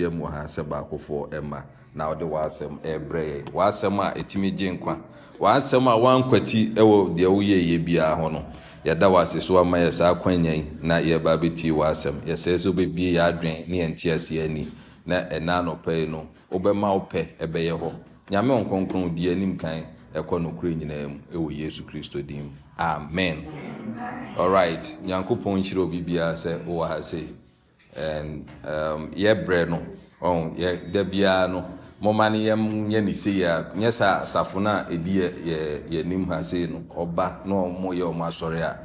yɛahyia mu ha sɛ baakofoɔ ma na wode wɔasɛm brɛ yɛ a ɛtumi gye nkwa wɔasɛm a woankwati wɔ deɛ woyɛyɛ biara ho no yɛda so ama yɛ saa na yɛbaa bɛtie wɔasɛm yɛsɛ sɛ wobɛbie yɛ adwen ne yɛnteaseɛ ani na ɛna nɔpɛi no wobɛma wo pɛ ɛbɛyɛ hɔ nyame ɔnkronkron di anim kan ɛkɔ nokorɛ nyinaa mu Um, yɛbrɛ no oh, da biara no momma e no yɛyɛ ne sei a nyɛ sɛ asafo no a ɛdi yɛnim ha sei no ɔba na ɔmoyɛ ɔm asɔre a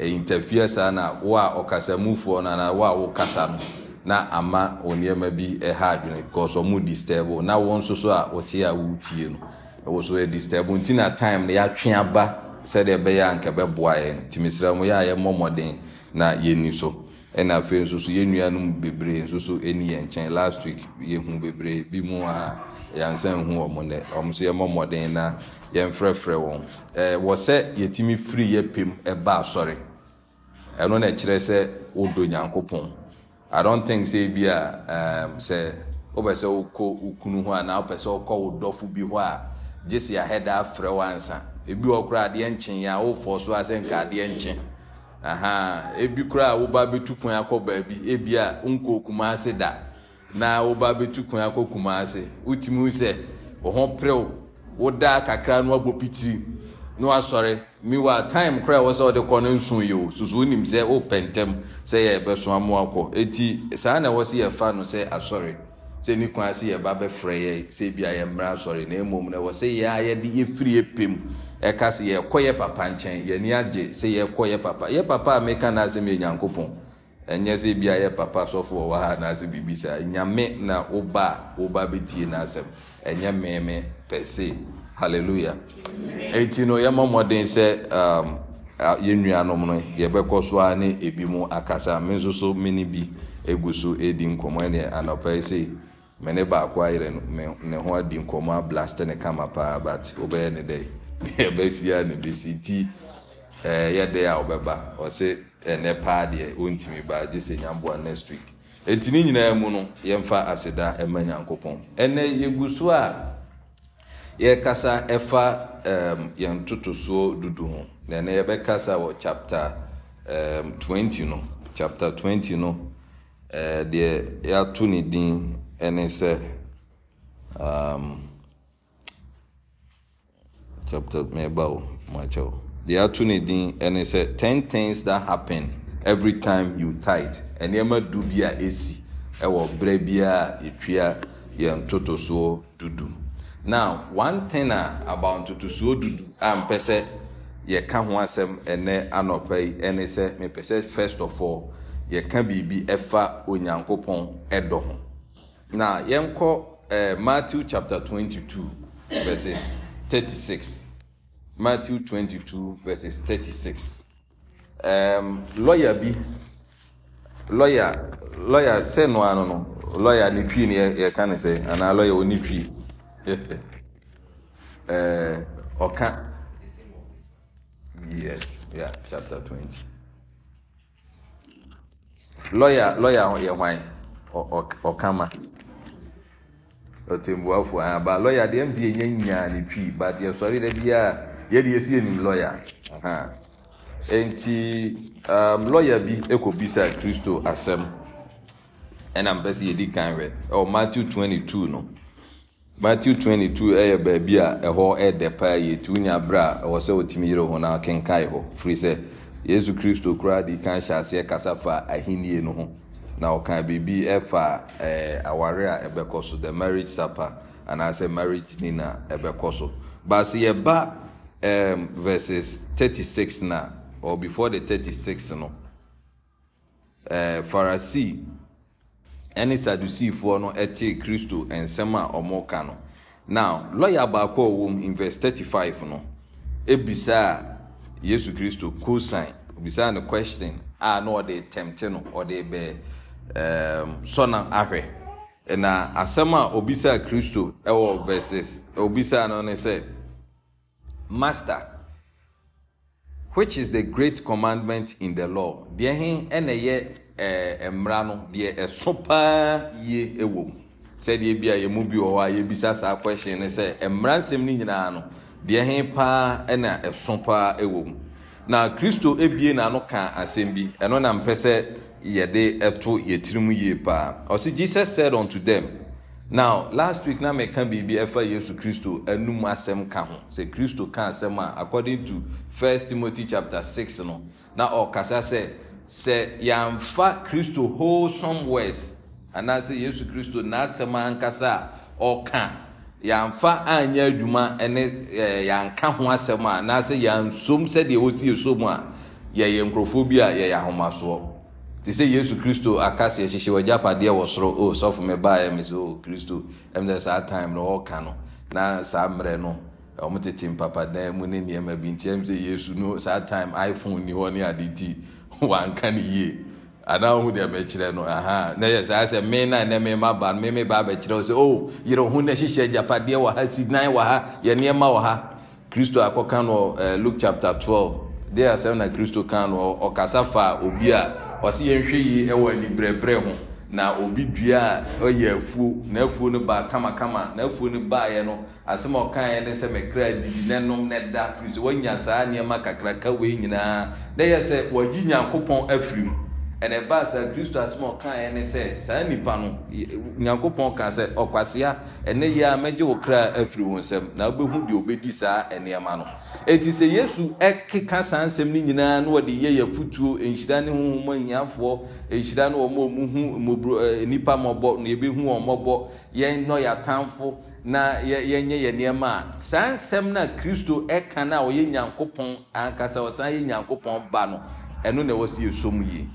ɛintafie saa na wo a ɔkasamufoɔ no anaa wo a wo no na ama onnoɔma bi e ha adwene because ɔmo disturbo na wɔn nso so a woteɛ a wotie no ɛwɔ e so yɛ disturbo nti na time no yɛatwe aba sɛdeɛ ɛbɛyɛ a anka bɛboa yɛ no ntimisrɛ mu yɛ a yɛmmɔ mmɔden na yɛni so ɛna afei nso nsoso yɛn nuanom bebree nsoso ɛni yɛn nkyɛn last week yɛhu bebree bi mu a yɛnsan hu wɔn nɛ wɔn nso yɛn mɔmɔden na yɛn frɛfrɛ wɔn ɛɛ wɔsɛ yɛtumi firi yɛ pem ɛba asɔre ɛno na ɛkyerɛ sɛ wodo nyankopɔn i don think say ebi a ɛɛm sɛ wopɛ sɛ wokɔ okunu hɔ anaa wopɛ sɛ wokɔ wo dɔfo bi hɔ a gye si ahɛda afrɛ wɔn ansa ebi wɔ koraa adeɛ nkyen yɛ a wofɔ so asɛ nka adeɛ nkyen. ebi koraa a woba abetu kwan akɔ baabi ebi a nkɔ kum'ase da na woba abetu kwan akɔ kum'ase wotumi sɛ wɔn perew woda kakra no abɔ pitiri na wasɔre miwa time koraa wɔ sɛ ɔde kɔ no nson yi o soso onim sɛ ɔpɛ ntɛm sɛ yɛ bɛso amu akɔ eti saa na wɔsi yɛ fa no sɛ asɔre sɛ ne kwan ase yɛ ba bɛfrɛ yɛ sɛ ebi a yɛ mmerɛ asɔre na emom na wɔ sɛ yɛ a yɛde efiri yɛ pɛm. ɛka sɛ yɛkɔ yɛ papa nkyɛn yɛni agye sɛ yɛkɔ yɛ papa yɛ papa a meka na asɛm yɛ nyankopɔn ɛnyɛ sɛ bia yɛ papa sɔfo wɔ ha na asɛ biribi nyame na woba a woba bɛtie n'asɛm ɛnyɛ mɛmɛ pɛse hallelujah eti no yɛma mmɔden sɛ um, yɛn nuanom no yɛbɛkɔ so a ne ebi mu akasa me nso so me ne bi egu so edi nkɔmɔ ɛnɛ anɔpɛ sɛ mɛ ne baako ayerɛ ne ho adi nkɔmɔ a blaster ne kama paa but wobɛyɛ ne dɛ. yɛbɛsia ne bɛsi ti eh, yɛde a ɔbɛba ɔse ɛnɛ eh, paa deɛ ɔntumi baa gye sɛ nyamboa next week ɛti ne nyinaa mu no yɛmfa aseda ɛma nyankopɔn ɛnɛ yɛgu so a yɛkasa ɛfa ehm, yɛn totosoɔ dudu ho na ɛnɛ yɛbɛkasa wɔ chapter um, ehm, 20 no chapter twenty no eh, deɛ yɛato ne din ɛne sɛ um, chapter meba o makyɛ o deɛ ato ne din ɛne sɛ ten things that happen every time you tithe And yema dubia a esi ɛwɔ brɛ bi a etua yɛn ntotosoɔ dudu now one thing a about ntotosoɔ dudu a mpɛ ye yɛka ho asɛm ene anɔpɛ yi ɛne sɛ mepɛ sɛ first of all yɛka biribi ɛfa onyankopɔn ɛdɔ ho na yɛnkɔ ɛɛ eh, matthew chapter twenty two verses. 36. Matthew 22, verses 36. Um, lawyer bi, lawyer, lawyer, sɛ no ano no, lawyer ne pii ne yɛka ne sɛ, anaa lawyer oni pii. ɛɛ ɔka. Yes, yeah, chapter 20. Lawyer, lawyer yɛ hwan? Ɔkama. ɔtɛmbuafoɔ aba lɔya deɛ mti yɛnya nyaa ne twi but yɛsɔre da bia a yɛde yɛsi yɛnim lɔya nti lɔya bi ɛkɔbisa kristo asɛm ɛna mpɛ sɛ yɛdi kan wɛ ɛwɔ oh, matthew 22 no matthew two ɛyɛ baabi a ɛhɔ ɛdɛ eh, paa yɛtu nya berɛ a ɛwɔ sɛ wɔtumi yere ho na kenkae hɔ firi sɛ yesu kristo koraa de kan hyɛ aseɛ kasa fa ahennie no ho na ɔka biribi ɛfa ɛɛ eh, aware a ɛbɛkɔ so the marriage supper anaasɛ marriage dinner ɛbɛkɔ so baasi yɛba ɛɛm ehm, verses thirty six na or before the thirty six no ɛɛ eh, farasi ɛne sadusiifoɔ no ɛte kristo nsɛm a wɔn no now lɔya baako a ɔwɔ mu in verse thirty five no ebisa yesu kristo cosign ebisa ne question a na ɔde tɛmte no ɔde bɛɛ. Ehm, sɔna ahwɛ na asɛm a obisaa kristo wɔ verses obisaa no ne sɛ master which is the great commandment in the law deɛ he ɛna yɛ eh, mmara no deɛ ɛso paa yie wɔ mu sɛdeɛ bi a yɛmu bi wɔ hɔ a yɛbisa saa question ne sɛ mmeransɛm no nyinaa no deɛ paa na ɛso paa wɔ mu na kristo ebie n'ano ka asɛm bi ɛno na mpɛ sɛ. yɛde ɛto yɛtirim yie paa ɔsi jesus said unto them now last week na mɛka biribi ɛfa yesu kristo anum asɛm ka ho sɛ kristo ka asɛm a according to first timothy chapter six no na ɔkasa sɛ sɛ yɛamfa kristo wholesome words anaasɛ yesu kristo n'asɛm ankasa a ɔka yɛamfa anyɛ adwuma ne ɛɛ yɛanka ho asɛm a anaasɛ yɛansom sɛdeɛ wɔsi yɛ som a yɛyɛ nkurɔfoɔ bi a yɛyɛ ahomasoɔ. te sɛ yesu kristo akaseɛ hyehyɛ wagyapadeɛ wɔ soro o oh, sɔfo me baeɛ me sɛ o oh, kristo ɛm sɛ saa time no ɔka no na saa mmerɛ no ɔmo tete mpapadan mu ne nneɛma bi nti ɛm sɛ yesu no saa time iphone ni hɔ ne ade ti wanka ne yie anaa ɔmo deɛ mɛkyerɛ no aha na yɛ saa sɛ me na ne me ma ba me me ba abɛkyerɛ sɛ o yɛrɛ ho na hyehyɛ agyapadeɛ wɔ ha si nan wɔ ha yɛ nneɛma wɔ ha kristo akɔka no ɛɛ eh, luke chapter twelve deɛ asɛm na kristo ka no ɔkasa fa obi a ɔsi yɛnhwɛ yie ɛwɔ anibrɛbrɛ ho na obi dua a ɔyɛ afuo na afuo no baa kamakama na afuo no baayɛ no asɛm a ɔkan yɛ ne sɛ mɛkra didi n'anom na ɛda firi so wɔnya saa nneɛma kakraka wei nyinaa na yɛ sɛ wɔyi nyankopɔn afiri mu ɛna ɛbaa saa kristo asɛm a ɔkaeɛ ne sɛ saa nipa no nyankopɔn ka sɛ ɔkwasea ɛnɛ yie a mɛgye wo kra afiri wo nsɛm na wobɛhu deɛ ɔbɛdi saa nneɛma no ɛti sɛ yesu ɛkeka saa nsɛm no nyinaa na wɔde yɛ yɛfotuo nhyira ne honhom ahiafoɔ nhyira ne wɔn a wɔn hu mmɔbro eh, nipa mmɔbɔ na yɛbɛhu wɔn mmɔbɔ yɛn nɔ yɛ atamfo na yɛnyɛ yɛ nneɛma a saa nsɛm no kristo ɛka na a ɔyɛ nyankopɔn ankasa ɔsan yɛ nyankopɔn ba no ɛno na ɛwɔ sɛ yie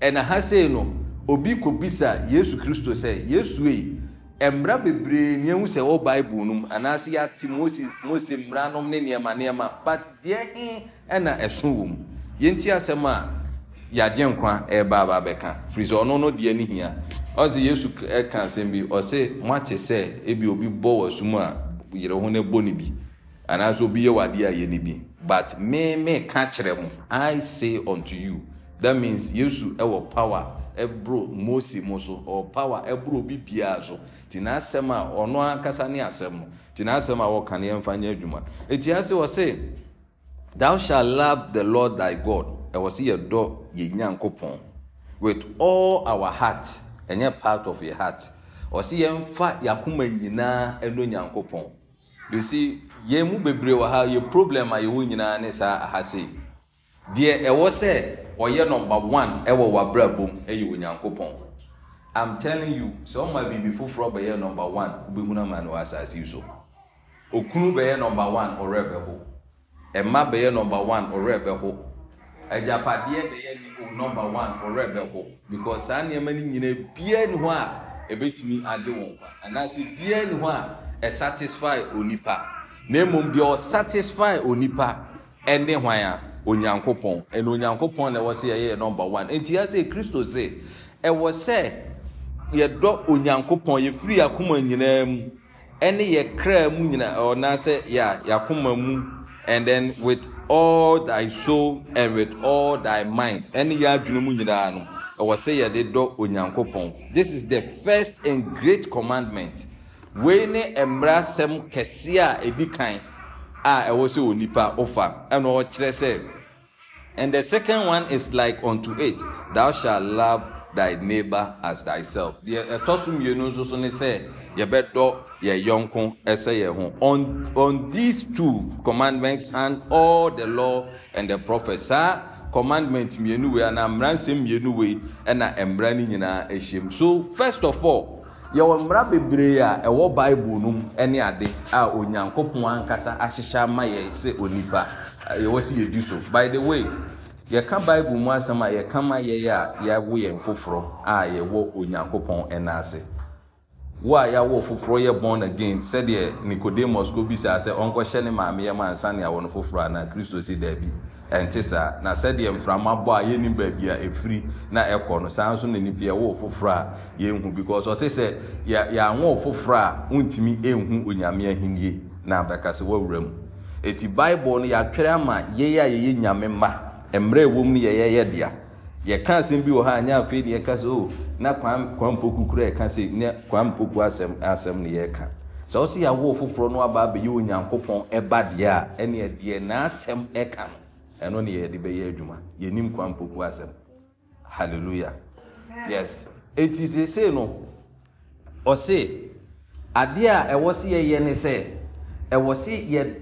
ɛna ha sei no obi kɔbisa yesu kristo sɛ yesu bebree sɛ anaasɛ mose nom ne nneɛma nneɛma but deɛ ɛna ɛso asɛm a nkwa ɔno no deɛ hia yesu ɛka asɛm bi ɔse moate sɛ ebi obi bɔ wɔ so a yere ho no bɔ ne bi anaasɛ obi yɛ wɔ adeɛ a yɛ ne bi but me me ka kyerɛ mo i that means yesu ɛwɔ power ɛboro mose mu so ɔwɔ power ɛboro bi biara so te n'asɛm a ɔno ankasa ne asɛm no te n'asɛm a wɔka ne yɛmfa nyɛ adwuma eti ase wɔ se thou shall love the lord thy god ɛwɔ se yɛdɔ yɛn nyankopɔn with all our heart ɛnyɛ part of your heart ɔsi yɛn fa yakoma nyinaa ɛno nyankopɔn yosi yɛn mu bebree wɔ ha yɛ problem a yɛwɔ nyinaa ne saa ahase deɛ ɛwɔ sɛ ɔyɛ number one ɛwɔ w'abrabom ɛyɛ onyankopɔn i'm telling you sɛ ɔma biribi foforɔ bɛyɛ number one wobɛhunu ama no wɔ asase yi so okunu bɛyɛ number one ɔrɛ bɛho ɛma bɛyɛ number one ɔrɛ bɛho agyapadeɛ bɛyɛ ne oh, number one ɔrɛ bɛho because saa nneɛma no nyinaa biara ne ho a ɛbɛtumi agye wɔn kwa anaasɛ biara ne ho a ɛsatisfy onipa na mmom deɛ ɔsatisfy onipa ɛne hwan a onyankopɔn ɛna onyankopɔn na ɛwɔ sɛ yɛyɛ number one nti yɛsɛ kristo sɛ ɛwɔ sɛ yɛdɔ onyankopɔn yɛfiri akoma nyinaa mu ɛne yɛ kra mu nyinaa ɔnaasɛ ya yɛakoma mu and then with all thy soul and with all thy mind ɛne yɛ adwene mu nyinaa no ɛwɔ sɛ yɛde dɔ onyankopɔn this is the first and great commandment wei ne mmara sɛm kɛseɛ a ɛdi kan a ɛwɔ sɛ onipa ofa ɛna ɔkyerɛ sɛ. And the second one is like unto it, thou shalt love thy neighbor as thyself. Deɛ ɛtɔ so mmienu nso so ne sɛ yɛbɛdɔ yɛ yɔnko ɛsɛ yɛ ho. On on these two commandments and all the law and the prophets saa commandments mmienu wei ana mmeransɛm mmienu wei ɛna mmera ne nyinaa ahyia mu. So first of all yɛwɔ mmara bebree a ɛwɔ bible no mu ne ade a onyankopɔn ankasa ahyehyɛ ama yɛ sɛ onipa yɛwɔ si yɛdi so by the way yɛka bible mu asɛm a yɛka ma yɛyɛ a yɛawo yɛn foforɔ a yɛwɔ onyankopɔn na ase wo a yɛawo foforɔ yɛ born again sɛdeɛ nicodemus ko bisaa sɛ ɔnkɔhyɛ ne maame yɛ ma ansa ne awɔ no foforɔ anaa kristo si daabi ɛnte saa na sɛdeɛ mframa bɔ a yɛnim baabi a efiri na ɛkɔ no saa nso na nipa yɛwɔ foforɔ a yɛnhu because ɔse sɛ yɛanwɔ foforɔ a wontumi ɛnhu onyame ahennie na adaka sɛ woawura mu ɛti bible no yɛatwerɛ ama yɛyɛ a yɛyɛ nyame mma mmerɛ ɛwɔ mu no yɛyɛyɛ dea yɛka asɛm bi wɔ ha nyɛ afei ne yɛka sɛ o oh, na kwampoku kura yɛka sɛ ne kwampoku asɛm asɛm ne yɛka sɛ ɔse yɛawoɔ foforɔ no aba abɛyɛ onyankopɔn ɛba deɛ a ɛne ɛdeɛ n'asɛm ɛno ne yɛde bɛyɛ adwuma yɛnim kwan mpoku asɛm Hallelujah. yes ɛti seesei no ɔse adeɛ a ɛwɔ se yɛyɛ ne sɛ ɛwɔ se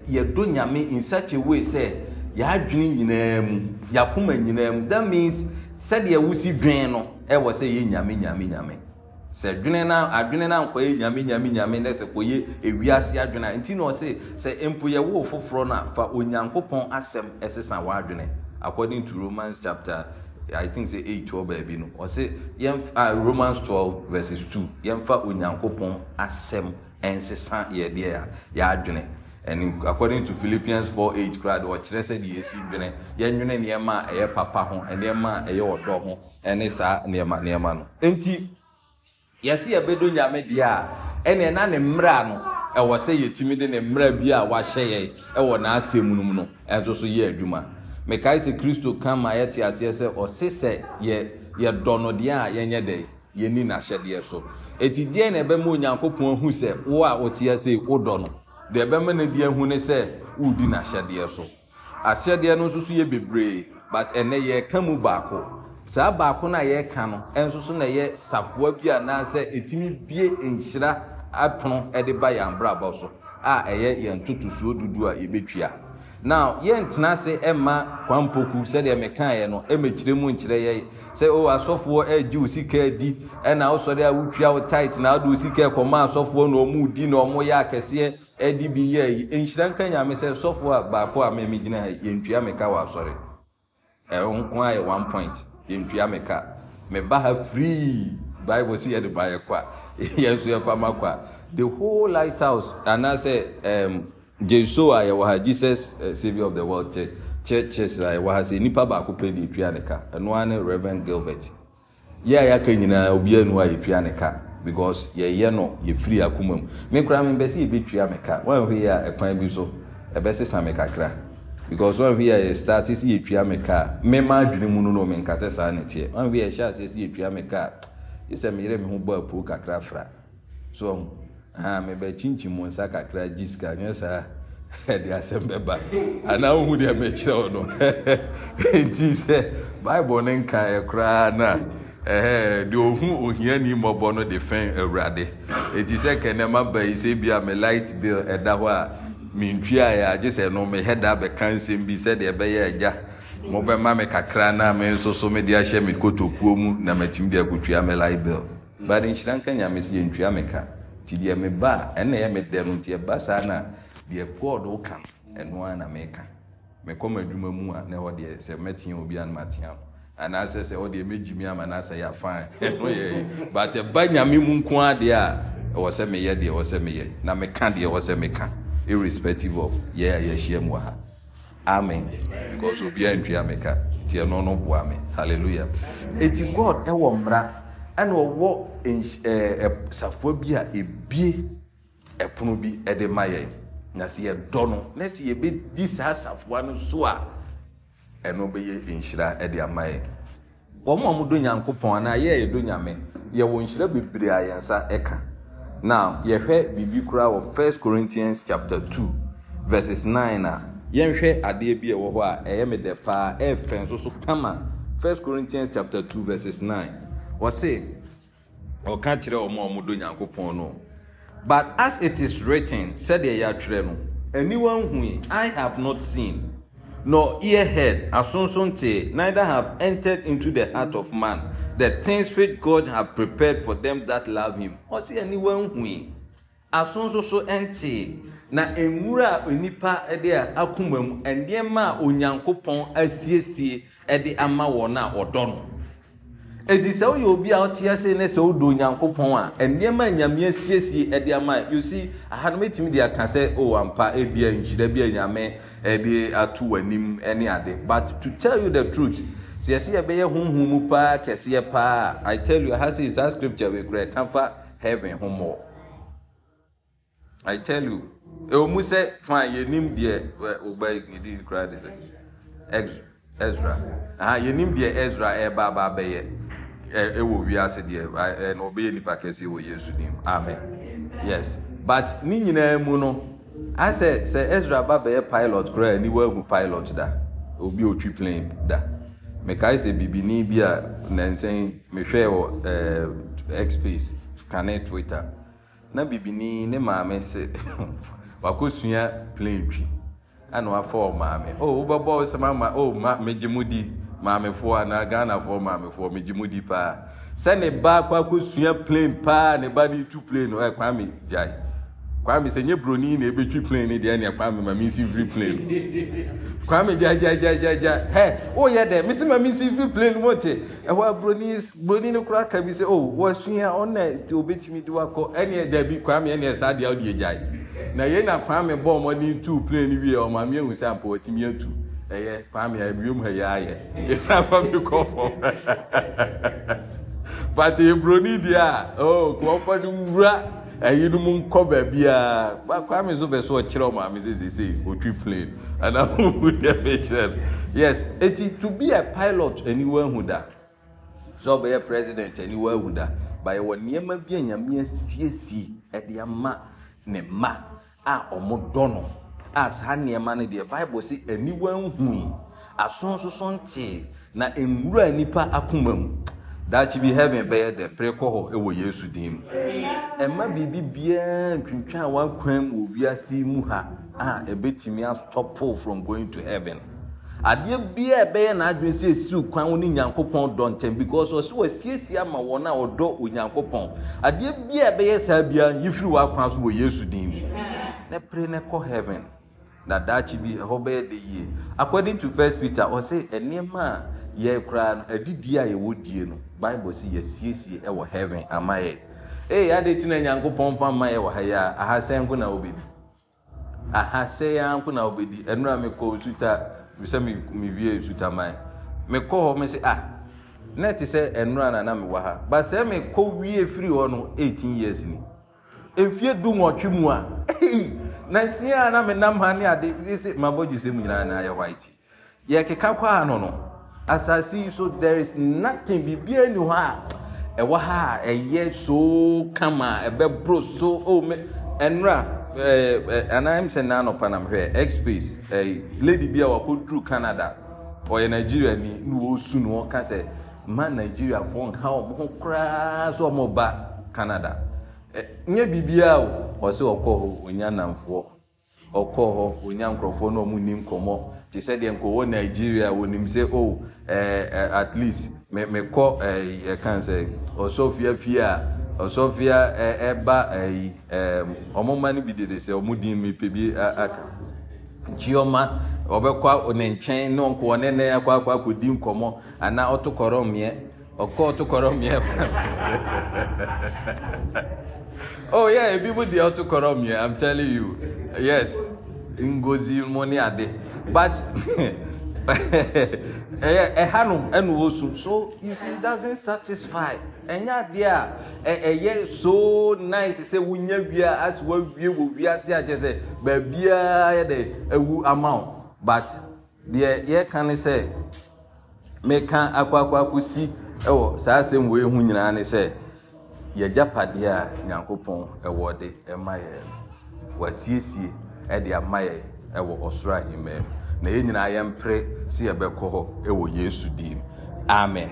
yɛdɔ nyame in such a way sɛ yɛadwene nyinaa mu yɛakoma nyinaa mu that means sɛdeɛ wosi dwen no ɛwɔ sɛ yɛ nyame nyame nyame sɛ dwene na adwene na nkɔyɛ nyame nyame nyame na sɛ kɔyɛ ewiase adwene a nti na ɔse sɛ mpo yɛ wo foforɔ na fa onyankopɔn asɛm ɛsesa w'adwene according to romans chapter i think say eight wɔ baabi no ɔse yɛn ah romans twelve verses two yɛnfa onyankopɔn asɛm ɛnsesa yɛdeɛ a yɛadwene ɛni according to philippians four eight koraa de ɔkyerɛ sɛ deɛ yɛsi dwene yɛnwene nneɛma a ɛyɛ papa ho nneɛma a ɛyɛ ɔdɔ ho ɛne saa nneɛma nneɛma no nti. yɛsi yɛbɛdo nyame deɛ a ɛnna ɛna ne mmerɛ no ɛwɔ sɛ yɛtumi de ne mmerɛ bi a wahyɛ yɛ ɛwɔ n'asɛm no mu no ɛnso so yɛ adwuma mekae sɛ kristo kan ma yɛte aseɛ sɛ ɔse sɛ yɛ yɛdɔ no deɛ a yɛnyɛ dɛ yɛni n'ahyɛdeɛ so eti deɛ na ɛbɛma onyankopɔn hu sɛ wo a wote ase wodɔ no deɛ ɛbɛma no deɛ hu ne sɛ wodi n'ahyɛdeɛ so ahyɛdeɛ no nso so yɛ bebree but ɛnɛ yɛka mu baako saa baako na yɛ ka no nso so na ɛyɛ safoa bi anaasɛ etimi bie nhyira apono ɛde ba yɛn abrabɔ so a ɛyɛ yɛn totosuo dudu a na now yɛntena ase ɛma kwampoku sɛdeɛ yɛ no ɛma mɛkyerɛ mu nkyerɛ yɛi sɛ o oh, asɔfoɔ agye wo sika adi ɛna wosɔre a wotwia wo tit na wode wo sika kɔma asɔfoɔ na ɔmo di na ɔmo yɛ akɛseɛ adi bi yɛi nhyira nka nyame sɛ sɔfoɔ a baako a mamegyina yɛntwia meka wɔ asɔre ɛho nko ayɛ one point yɛntua me ka ha free bible sɛ yɛde ma yɛkɔ a yɛn nso yɛfa ma kɔ a the whole lighthouse anaasɛ um, jesu a yɛwɔ ha jesus uh, eh, saviour of the world church churches a yɛwɔ ha sɛ nipa baako pɛ de etua ne ka ɛnoa ne reverend gilbert yɛ a yɛaka nyinaa obiara nu a yɛtua ne ka because yɛyɛ no yɛfiri akoma mu me koraa me mbɛ sɛ yɛbɛtua me ka wɔn ahwɛ yɛ a ɛkwan bi so ɛbɛsesa me kakra because wọn fi yɛ start si yɛ tua mi kaa mmarima adwene mu no na ɔmi nkasa saa ne teɛ wọn fi yɛ hyɛ ase si yɛ tua mi kaa yisɛ mi yɛrɛ mi ho bɔ apuo kakra fra so ɔmo haa ah, mi bɛ kyinkyin mu nsa kakra gyi sika nyɛ saa ɛde asɛm bɛba anaa ohun deɛ mɛ kyerɛ wɔn no nti sɛ baibul ne nka yɛ eh, koraa na ɛɛ eh, deɛ ohun ohia ni mmɔbɔ no de fɛn eh, awurade eti sɛ kɛnɛma bɛyi sɛ bi a mi light bill ɛda hɔ a mentwia yɛ agye sɛ no mehɛda bɛka nsɛm bi sɛdeɛ ɛbɛyɛ agya mobɛma me kakra na me nso so mede ahyɛ me kotokuo mu na matumi de akɔtua me light bill bade nhyira nka nyame sɛ yɛntua me ka nti deɛ meba a ɛna ɛyɛ medɛ no nti ɛba saa no a deɛ god woka no ɛno ara na meka mekɔ m adwuma mu a na ɛhɔ deɛ sɛ mɛtea obi a no matea no anaasɛ sɛ ɔdeɛ mɛgyimi ama anaasɛ yɛafa ɛno yɛ but ɛba nyame mu nko adeɛ a ɛwɔ sɛ meyɛ deɛ ɛwɔ sɛ meyɛ na meka deɛ ɛwɔ sɛ meka irrespective of yɛ a yɛahyia mu ha amen because obi antwi ameka nti ɛno no boa me hallelujah eti god ɛwɔ mmara ɛna ɔwɔ ɛɛ safoa bi a ebie ɛpono bi ɛde ma yɛn na sɛ yɛdɔ no na sɛ yɛbɛdi saa safoa no so a ɛno bɛyɛ nhyira ɛde ama yɛn wɔn a wɔdo nyankopɔn anaa yɛ a yɛdo nyame yɛwɔ nhyira bebree a yɛn nsa ɛka now yɛhwɛ biribi koraa wɔ first corinthians chapter two verses nine a yɛnhwɛ adeɛ bi ɛwɔ hɔ a ɛyɛ me dɛ paa ɛɛfɛ nso so kama first corinthians chapter two verses nine wɔse ɔka kyerɛ wɔn a wɔn do nyankopɔn no but as it is written sɛdeɛ yɛatwerɛ no anyone who i have not seen nor ear heard asonson te neither have entered into the heart of man the things which God have prepared for them that love him. Ɔsi aniwa nhui. Asonsoso nti. Na nwura a nipa de a akoma mu nneɛma a onyankopɔn asiesie de ama wɔn a wɔdɔ no. Eti sɛ woyɛ obi a ɔte ase ne sɛ wodɔ onyankopɔn a nneɛma a nyame asiesie de ama you see ahanom etimi de aka sɛ o oh, ampa ebi a nhyira bi a nyame de ato wɔ anim ne ade but to tell you the truth sɛ yɛsɛ yɛbɛyɛ honhom mu paa kɛseɛ paa i tell you aha sei saa scripture wekura ɛka fa heaven ho mmɔ i tell you ɛwɔ mu sɛ fine yɛnim deɛ ɔba ne din koraa de sɛ ezra aha yɛnim deɛ ezra ɛreba aba abɛyɛ ɛwɔ wiase deɛ ɛna ɔbɛyɛ nipa kɛseɛ wɔ yesu nim amen yes but ne nyinaa mu no asɛ sɛ ezra ba bɛyɛ pilot koraa ani wahu pilot da obi otwi plane da mekae sɛ bibini bi a nansɛn mehwɛɛ wɔ ɛɛ eh, xspace kane twitter na bibini ne maame sɛ wakɔsua plane twi ana wafa wɔ maame o oh, wobɛbɔ sɛm ama o oh, ma megye mu di maamefoɔ anaa ghanafoɔ maamefoɔ megye mu di paa sɛ ne ba akɔ akɔsua plane paa ne ba ne tu plane no ɛkwan me gyae kwame sɛ nye broni na ebetwi plane ne deɛ nea kwame maame nsi firi plane kwame gya gya gya gya gya hɛ oyɛ dɛ mesi maame nsi firi plane mo te ɛwɔ broni broni no kora ka bi sɛ o oh, wɔsua ɔna obetumi de wakɔ ɛnea dabi kwame ɛnea saa deɛ ɔde egyae na yɛn na kwame bɔ ɔmo de tu plane wie ɔmo maame ehu sɛ mpɔ ɔtumi etu ɛyɛ kwame ewiem ha yɛ ayɛ yɛsan fami kɔ fam pati broni deɛ a oh, o kɔɔfɔ no ɛyinom nkɔ baabi a kwame nso bɛ so ɔkyerɛ maame sesese otwi plane ana owu deɛ bɛkyerɛ no yes eti to be a pilot aniwa ehu da sɛ ɔbɛyɛ president aniwa ehu da bayɛ wɔ nneɛma bi a nyame asiesie ama ne ma, a ɔmo dɔ a saa nneɛma no deɛ bible sɛ aniwa ehu yi ntee na nwura nipa akoma mu. daakye bi heaven bɛyɛ dɛ pere kɔ hɔ wɔ yesu din mu ɛma biribi biara ntwintwan a wakwan mu wɔ wiase mu ha a ɛbɛtumi atɔpo from going to heaven adeɛ biara ɛbɛyɛ n'adwene sɛ esiw kwan wo ne nyankopɔn dɔ ntɛm because ɔsɛ wɔasiesie ama wɔn a wɔdɔ onyankopɔn adeɛ biara ɛbɛyɛ saa biara yi firi w'akwan so wɔ yesu din mu ne pere ne kɔ heaven na daakye bi ɛhɔ bɛyɛ de yie according to first peter ɔsɛ nneɛma a. yɛ koraa no adidie a yɛwɔ die no bible sɛ yɛasiesie wɔ heaven ama yɛ ee ade ti na nyankopɔn fa ma yɛ wɔ ha yɛ a ahasɛn nko na wɔbɛdi ahasɛn ara na wɔbɛdi ɛnura mi kɔ nsuta sɛ mi mi wie nsuta man mi kɔ hɔ mi sɛ ah na ti sɛ ɛnura na na mi wɔ ha ba sɛ mi kɔ wie firi hɔ no eighteen years ni efie du nwɔtwe mu a na nsia na mi nam ha ne ade sɛ ma bɔ dwesɛ mu nyinaa na ayɛ white yɛ keka kɔ ano no. asase yi so there is nothing Bibi ni hɔ a ɛwɔ ha a ɛyɛ so kama bro so oh me ɛnura ɛɛ anam sɛ nan nɔpa nam hwɛ xspace ɛɛ lady bi a wakɔduru canada ɔyɛ nigeria ni na wɔsu na wɔka sɛ ma nigeria fo nka wɔn ho koraa so wɔn ba canada ɛ nye biribiara o wɔsɛ wɔkɔ hɔ ɔkɔɔ hɔ ɔnya nkurɔfoɔ ni ɔmu nni nkɔmmɔ nti sɛdeɛ nkɔwɔ nigeria wɔnim sɛ o oh, at least mekɔ ɛkan sɛ ɔsɔfia fie a ɔsɔfia ɛba ɛyi ɔmoma no bi dede sɛ ɔmo bi aka nkyioɔma ɔbɛkɔ ne nkyɛn ne ɔnkɔɔ ne nɛ akɔ akɔ ɔkɔ oh yeah ebibu dị otu kọrọ m ya i'm telling you yes ngozi money ade but ɛhanom ɛna wɔsu so you see it doesn't satisfy ɛnyɛ adeɛ a ɛyɛ so nice sɛ wonya wia as wawie wɔ wiase akyɛ sɛ baabiara yɛ dɛ ɛwu ama wo but deɛ yɛka ne sɛ meka akɔ akɔ akɔsi ɛwɔ saa asɛm wei ho nyinaa ne sɛ yɛgyapadeɛ a nyankopɔn ɛwɔ de ma yɛ wasiesie ɛde ama yɛ ɛwɔ ɔsoro ahemaa mu na yɛn nyinaa yɛmpere sɛ yɛbɛkɔ hɔ ɛwɔ yesu dim amen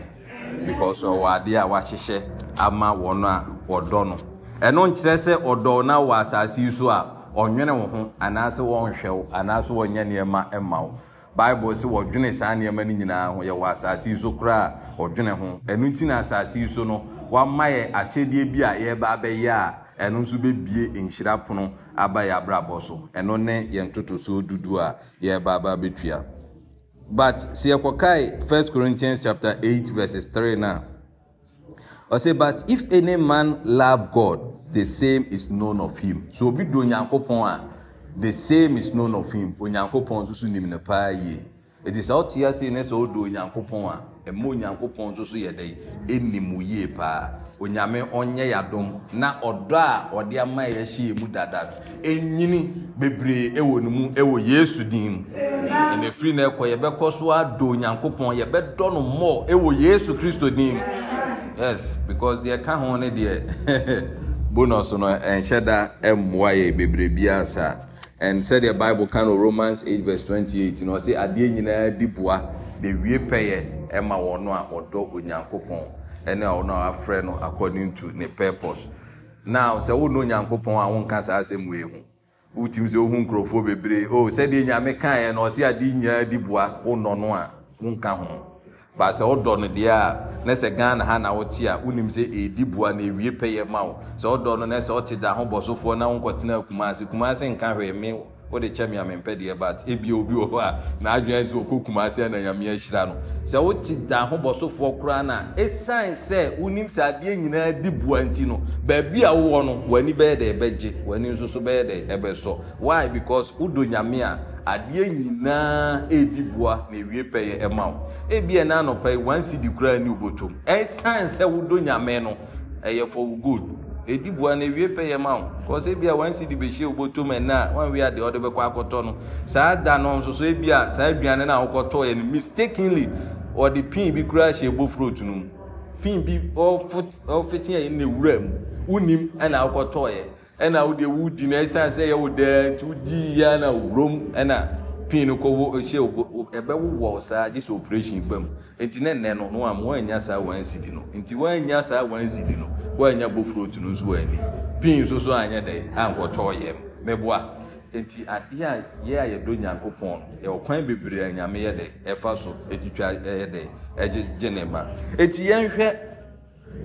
because ɔwɔ adeɛ a wahyehyɛ ama wɔn a wɔdɔ no ɛno nkyerɛ sɛ ɔdɔ na wɔ asase yi so a ɔnwene wɔn ho anaasɛ wɔnhwɛ wo anaasɛ wɔnyɛ nneɛma ma wo bible sɛ wɔdwene saa nneɛma no nyinaa ho yɛwɔ asase yi so koraa a ɔdwene ho ɛno nti na asase yi so no wama yɛ ahyɛdeɛ bi a yɛreba abɛyɛ a ɛno nso bɛbie nhyira pono aba yɛ abrabɔ so ɛno ne yɛn ntotosoɔ dudu a yɛreba aba abɛtua but sɛ yɛkɔkae first corinthians chapter eight verses three na ɔsɛ but if any man love god the same is known of him so obi do onyankopɔn a the same is known of him onyankopɔn nso so nim no paa yie ɛti sɛ ɔte ase ne sɛ ɔdo onyankopɔn a ɛma onyankopɔn nso so yɛ dɛn ɛnim yie paa onyame ɔnyɛ yadom na ɔdɔ a ɔde ama yɛhyɛ mu dada ɛnyini bebree ɛwɔ ne mu ɛwɔ yesu din mu ɛna firi na ɛkɔ yɛbɛkɔ so adɔ onyankopɔn yɛbɛdɔ no mmɔ ɛwɔ yesu kristo din mu yes because deɛ ka ho ne deɛ bonus no ɛnhyɛ da ɛmmoa yɛ bebree bi asa and sɛdeɛ bible ka no romans eight verse twenty eight na ɔsɛ adeɛ nyinaa di boa de wie pɛyɛ. ɛma wɔn a wɔdɔ onyankopɔn ɛne wɔn a wɔafrɛ no according to ne purpose sɛ wɔn onyankopɔn a wɔn asɛm sɛ ohun nkurɔfoɔ bebree o oh, sɛdeɛ nyame kaeɛ no ɔsi adi nyinaa di bua wɔnɔ no a wɔnka ho ba sɛ ɔdɔ no deɛ a na sɛ ha na wɔte a wonim sɛ bua na ewie pɛyɛ ma wo sɛ ɔdɔ no na sɛ ɔte da kumase kumase wode kyɛ me amempɛ deɛ but ebi obi wɔ hɔ a n'adwene sɛ okɔ kumase na nyame ahyira no sɛ wote da ahobɔsofoɔ koraa na ɛsiane sɛ wonim sɛ adeɛ nyinaa di bua nti no baabi a wowɔ no w'ani bɛyɛ dɛ ɛbɛgye w'ani nso so bɛyɛ dɛ ɛbɛsɔ why because wodo nyame a adeɛ nyinaa ɛredi boa na ewie pɛyɛ ɛma wo ebi ɛna anɔpɛ wansi di koraa ni wobɔtɔm ɛsiane sɛ wodo nyame no ɛyɛ for good ɛdi boa no ewie pɛ yɛ ma wo kɔ sɛ bia wansi de bɛhyia wobɔtom ɛna a wanwie adeɛ ɔde bɛkɔ akɔtɔ no saa da no nso so ebia saa aduane no a wokɔtɔ yɛ no mistakenly ɔde pin bi koraa hyɛ ɛbɔ fruit no mu pin bi ɔfete a yɛn na ewura mu wonim ɛna akɔtɔ yɛ ɛna wode wudi na ɛsan sɛ yɛ wo dɛɛ nti wodi yɛ na wurom ɛna pin no kɔwɔ ɛhyɛ ɛbɛwowɔ saa gye sɛ operation fam nti ne nnɛ no no a mo anya saa wansidi no nti wanya saa wansidi no wanya bofuro no nso wani pin nso so anyɛ dɛ ankɔtɔɔ yɛm mɛboa nti adeɛ a yɛ a yɛdɔ nyankopɔn no ɛwɔ kwan bebree a nyame yɛ dɛ ɛfa so ɛtwitwa ɛyɛ dɛ ɛgye gye ne ma eti yɛnhwɛ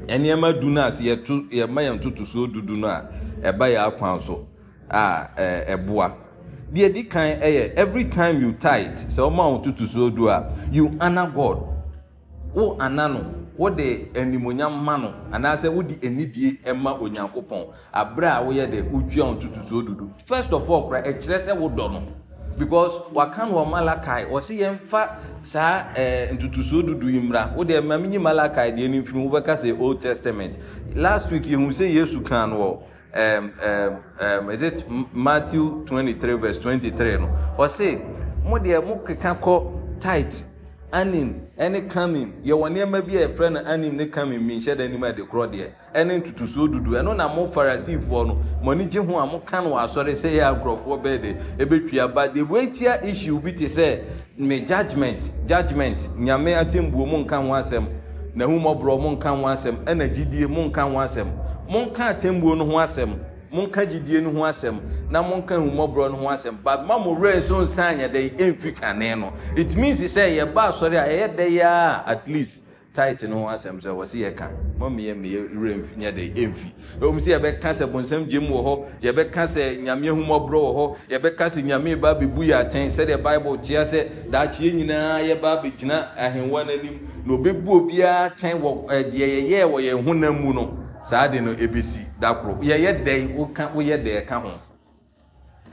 nneɛma du no ase yɛto yɛma yɛn ntotosoɔ dudu no a ɛba yɛ akwan so a ɛboa. deɛ di kan yɛ every time you tight sɛ ɔmo a wotutu so do a you honour God wo ana no wode animonyam ma no anaasɛ wode anidie ma onyankopɔn aberɛ a woyɛ de wotwia wo ntotosoɔ dudu first of all kora ɛkyerɛ sɛ wodɔ no because waka no wɔ malakai wɔse yɛmfa saa eh, ntotosoɔ dudu yi mmra wode ma menyi malakai deɛ no mfiri wobɛka sɛ old testament last week yɛhu sɛ yesu kaa no wɔ um, um, um, is it Matthew 23 verse 23 no ɔse mo deɛ mo keka kɔ tight anim ɛne coming yɛwɔ nneɛma bi a yɛfrɛ no anim ne coming mi nhyɛ da anim a yɛde korɔ deɛ ɛne ntutusuo dudu ɛno na mo farisifoɔ no mo ani gye ho a mo ka no wɔ asɔre sɛ yɛ agorɔfoɔ bɛɛ de ebetwi aba de wetia issue bi te sɛ me judgement judgement nyame atembuo mo nka ho asɛm na ehumɔborɔ mo nka ho asɛm ɛna gyidie mo nka ho asɛm. monka atembuo no ho asɛm monka gyidie no ho asɛm na monka ahumɔborɔ no ho asɛm but ma mo werɛ so nsa anyɛ dɛ ɛmfi kane no it means sɛ yɛba asɔre a ɛyɛ dɛ yɛ a at least tight no ho asɛm sɛ wɔ se yɛka mameyɛ meyɛ werɛ mfi nyɛ dɛ ɛmfi ɛwom sɛ yɛbɛka sɛ bonsam gyem wɔ hɔ yɛbɛka sɛ nyame ahumɔborɔ wɔ hɔ yɛbɛka sɛ nyame ba bɛbu yɛ atɛn sɛdeɛ bible tea sɛ daakyeɛ nyinaa yɛba bɛgyina ahengua no anim na ɔbɛbu obiara kyɛn wɔ eh, deɛ yɛyɛɛ wɔ yɛn honam mu no saa de no ɛbɛsi dakoro yɛyɛ dɛn woka woyɛ dɛn ka ho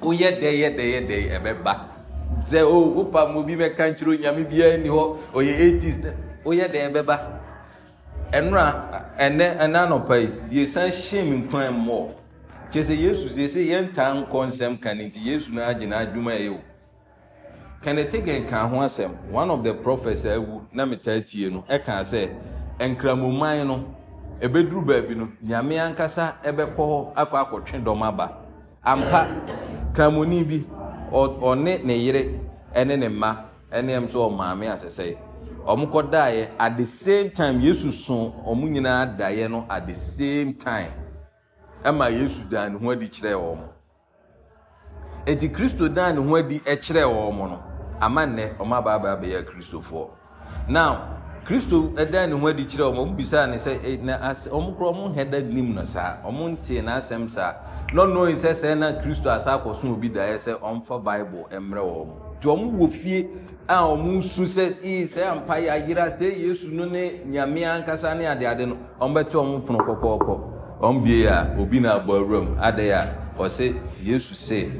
woyɛ dɛn yɛ dɛn yɛ dɛn ɛbɛba sɛ o oh, wopa mu bi mɛka nkyerɛ onyame biara ni hɔ ɔyɛ eighties woyɛ dɛn ɛbɛba ɛnora ɛnɛ ɛnɛ anɔpa yi yɛsan hyɛ mi nkwan mmɔɔ kyɛ sɛ yesu sɛ sɛ yɛntaa nkɔ nsɛm ka ne nti yesu no agyina adwuma ɛyɛ o kɛnɛtɛgɛ nka ho asɛm one of the prophets a awu na metaa tie no ɛkaa sɛ nkramoman no Ebeduru baabi no nyame ankasa ɛbɛkɔ hɔ akɔ akɔtwe dɔm aba ampa kramoni bi ɔne ne yere ɛne ne mma ɛne ɛm sɛ ɔmaame asɛsɛe ɔmo kɔdaeɛ at the same time yesu so ɔmo nyinaa daeɛ no at the same time ɛma yesu dan ne ho adi kyerɛɛ wɔn eti kristo dan ne ho adi ɛkyerɛɛ wɔn no ama nnɛ ɔmo aba bɛyɛ kristofoɔ now. kristo dan ne ho adi kyerɛ ɔm ɔmbisaa ne sɛ eh, ɔmo korɔ ɔmo hɛ da nim no saa ɔmo saa sɛ na kristo asa akɔso obi daeɛ sɛ ɔmfa bible mmerɛ wɔ mo ɔmo fie a ɔmo su sɛ ii ampa yɛ sɛ yesu no ne nyame ankasa ne no ɔmo pono kɔkɔɔkɔ a obi na abɔ awura mu a ɔsɛ yesu se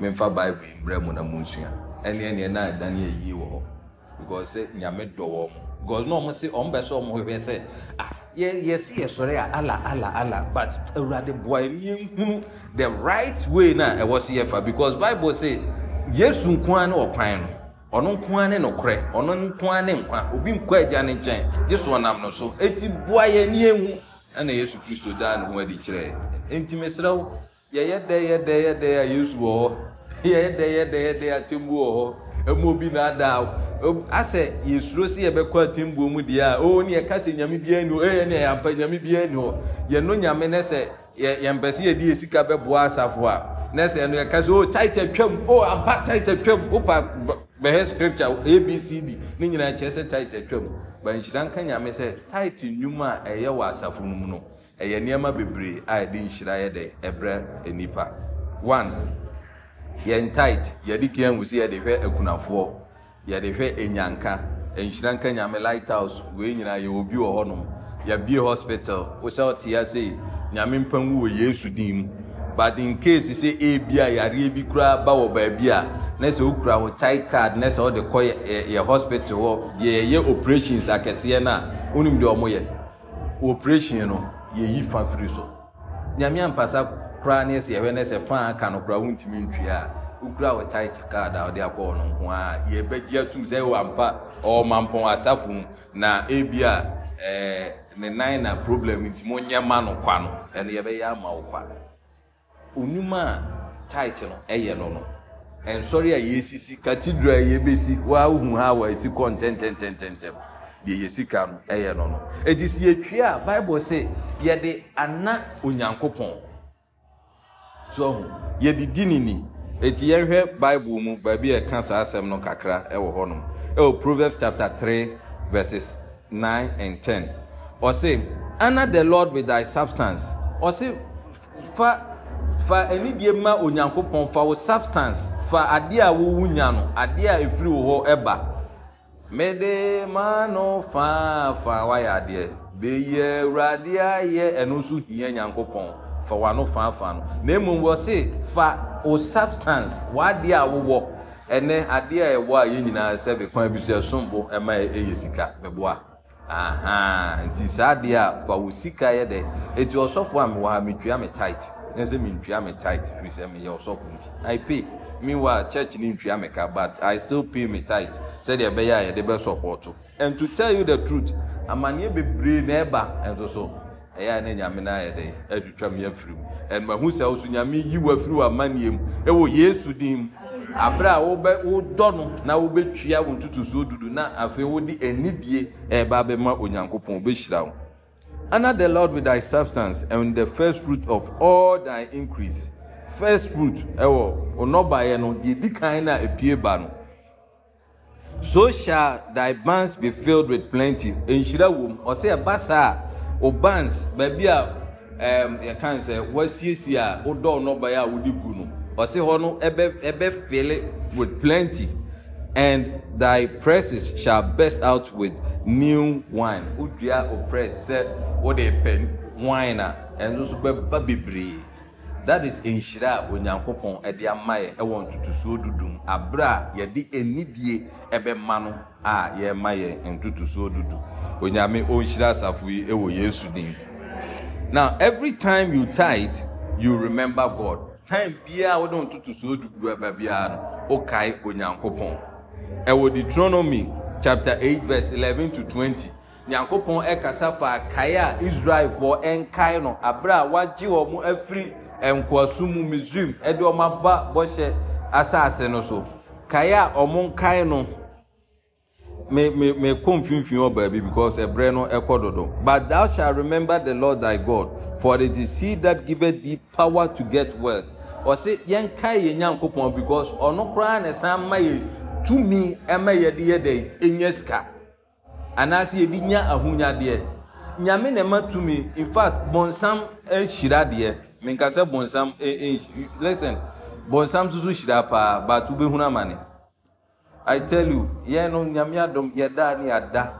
"Mmefa mu na nsua na because na ɔmo se ɔmo bɛ so ɔmo hwehwɛ sɛ ah yɛ yɛsi yɛsɔre a ah, ala ala ala but awurade buae yɛn hunu the right way na ɛwɔ si yɛfa because bible say yesu um, oh, nkoa ne ɔkwan no ɔno nkoa ne nokorɛ ɔno nkoa ne nkwa obi nkɔ agya ne nkyɛn yesu ɔnam no so eti bua yɛn ne ehu ɛna yesu kristo daa ne ho adi kyerɛ eti mesrɛw oh, yɛyɛ dɛ yɛ dɛ yɛ dɛ a yesu wɔ oh. hɔ yɛyɛ dɛ yɛ dɛ yɛ dɛ atemmu wɔ hɔ ɛmu obi na ada asɛ yɛsuro sɛ yɛbɛkɔ atembuo mu deɛ a oo ne yɛka sɛ nyame biara ni hɔ ɛyɛ ne yɛampa nyame biara ni hɔ e, yɛno nyame ne sɛ yɛmpɛ sɛ yɛde yɛ sika bɛboa asafo a ne sɛ ɛno yɛka sɛ oo taita twam oo ampa taita twam wopa bɛhɛ scripture abcd ne nyinaa kyerɛ sɛ taita twam banhyira nka nyame sɛ taita nnwuma a ɛyɛ wɔ asafo no mu no ɛyɛ nneɛma bebree a yɛde nhyira yɛ dɛ ɛbrɛ nipa one yɛn tight yɛde kia nwusi yɛde hwɛ akunafoɔ yɛde hwɛ enyanka nhyira nka nyame light house wei nyinaa yɛ obi wɔ hɔnom yɛbie hospital wohyɛ ɔte ase nyame mpa nwu wɔ yesu din mu but in case sɛ ebi a yareɛ bi koraa ba wɔ baabi a na sɛ wokura wo tight card na sɛ wode kɔ yɛ hospital hɔ deɛ yɛyɛ operations akɛseɛ no a wonim deɛ ɔmo yɛ operation no yɛyi fa firi so nyame ampasa koraa ne sɛ yɛbɛ ne sɛ fan ka no koraa wontumi ntwi a wokura wo tae card a wɔde akɔ wɔ no nko a yɛbɛgye atum sɛ ɛwɔ ampa ɔma mpɔn asafo mu na ebi a ɛɛ eh, ne nan na problem nti mo nyɛ ma no kwa no ɛno yɛbɛyɛ ama wo kwa onuma a tae no ɛyɛ no no nsɔre a yɛsisi cathedral a yɛbɛsi wɔahu ha wɔ esi kɔ ntɛntɛntɛntɛntɛm deɛ yɛ sika no ɛyɛ no no edi si yɛtwi a bible sɛ yɛde ana onyankopɔn yɛdidi ne ni ɛti yɛnhwɛ bible mu baabi a ɛka saa asɛm no kakra ɛwɔ hɔnom ɛwɔ proverbs chapter three verses nine and ten. ɔse honor the lord with thy substance ɔse fa fa anidie ma onyankopɔn fa wo substance fa adeɛ a wowu nya no adeɛ a ɛfiri wo hɔ ɛba mede ma no faa fa wayɛ adeɛ bɛyi awurade ayɛ ɛno nso hia nyankopɔn fa wano faafa no na mmom wɔse fa o substance w'adeɛ a wowɔ ɛnɛ adeɛ a ɛwɔ a yɛn nyinaa sɛ bɛkwan bi so ɛsom bo ɛma ɛyɛ sika bɛboa nti saa adeɛ a fa wo sika yɛ dɛ eti ɔsɔfo a mewɔ ha metua me tight ne sɛ mentua me tight firi sɛ meyɛ ɔsɔfo nti i pay meanwhile church ni ntua me ka but i still pay me tight sɛdeɛ ɛbɛyɛ a yɛde bɛ support and to tell you the truth amaneɛ bebree na ɛba ɛnso so ɛyɛ a ne nyame no ayɛ dɛ atwitwa me afiri mu ɛnmahu sɛ wo so nyame yi wafiri w'amanneɛ mu ɛwɔ yesu din mu aberɛ a wodɔ no na wobɛtwia wo ntotosoɔ dudu na afei wode anidie ɛɛba bɛma onyankopɔn wobɛhyira wo honor the lord with thy substance and the first fruit of all thy increase first fruit ɛwɔ ɔnɔbaeɛ no deɛ di kan no a ɛpue ba no so shall thy banks be filled with plenty nhyira wom ɔsɛ ɛba saa a obans baabi a ah, yɛkan sɛ wasiesie a wodɔɔ nɔbaeɛ a wode gu no ɔse hɔ no ɛbɛ ɛbɛ fele with plenty and thy presses shall burst out with new wine wodua o press sɛ wode pɛ wine a ah, ɛno nso bɛba bebree that is nhyira a onyankopɔn ɛde ama yɛ ɛwɔ ntotosuo dudum abere a yɛde anidie ɛbɛma no a yɛrema yɛn ntotosoɔ dudu onyame ɔnhyira asafo yi ɛwɔ yesu din now every time you tithe you remember god time biara wɔde wɔn ntotosoɔ dudu ɛbɛ biara no ɔkae onyankopɔn ɛwɔ deuteronomy chapter eight verse eleven to twenty nyankopɔn ɛkasa fa kae a israelfoɔ ɛnkae no abere a wagye wɔn afiri nkoaso mu misrim ɛde wɔn aba bɔhyɛ asase no so kae a wɔn nkae no me me me kó mfimfin wɔ baabi because ɛbrɛ no ɛkɔ dodo but thou shall remember the lord thy god for it is he that giveth thee power to get wealth ɔsi yɛn ka yɛ nyankopɔn because ɔno koraa na san ma yɛ tumi ɛma yɛ de yɛ dɛn enya sika anaasɛ yɛ de nya ahonyadeɛ nyame na ɛma tumi in fact bɔnsam ɛhyira deɛ minkasa bɔnsam ɛɛ listen bɔnsam soso hyira paa baatu bɛhunu amane. I tell you, yɛn no nyame adom yada niada.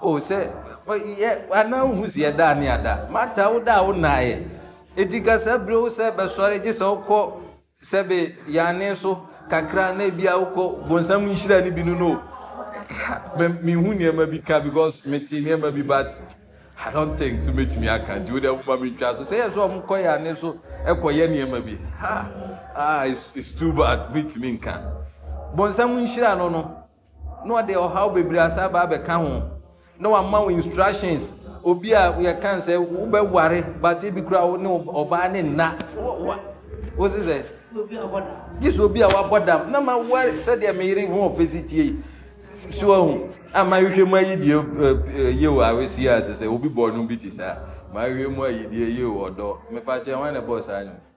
Oh, say, sɛ yɛ anan hu si yɛda ne ada. Mata wo da wo naayɛ. Eti kasa bere wo sɛ bɛsɔre gye sɛ wokɔ sɛbe yane so kakra na ebi a wokɔ bonsam nhyira ne bi no no. Mehu nneɛma bi ka because mete nneɛma bi but I don't think to metumi aka nti wo de aboba mi twa so sɛ yɛ sɛ ɔmo kɔ yane so ɛkɔ yɛ nneɛma bi ha ah it's, it's too bad metumi nka bɔnsam nhyira no no na ɔde ɔhaw bebree asa aba abɛka ho na wama wo instructions obi a yɛka sɛ wobɛware but ebi kura wo ne ɔbaa ne nna wosi sɛ yesu obi a wabɔ dam na ma ware sɛdeɛ meyere ho ɔfɛsi tie yi so ahu a ma hwehwɛ mu ayidie eh, eh, yie wɔ awɛsi a sɛ obi bɔ no bi te saa ma hwehwɛ mu ayidie yie wɔ ɔdɔ mepa kyɛ hwan na ɛbɔ saa nyɛ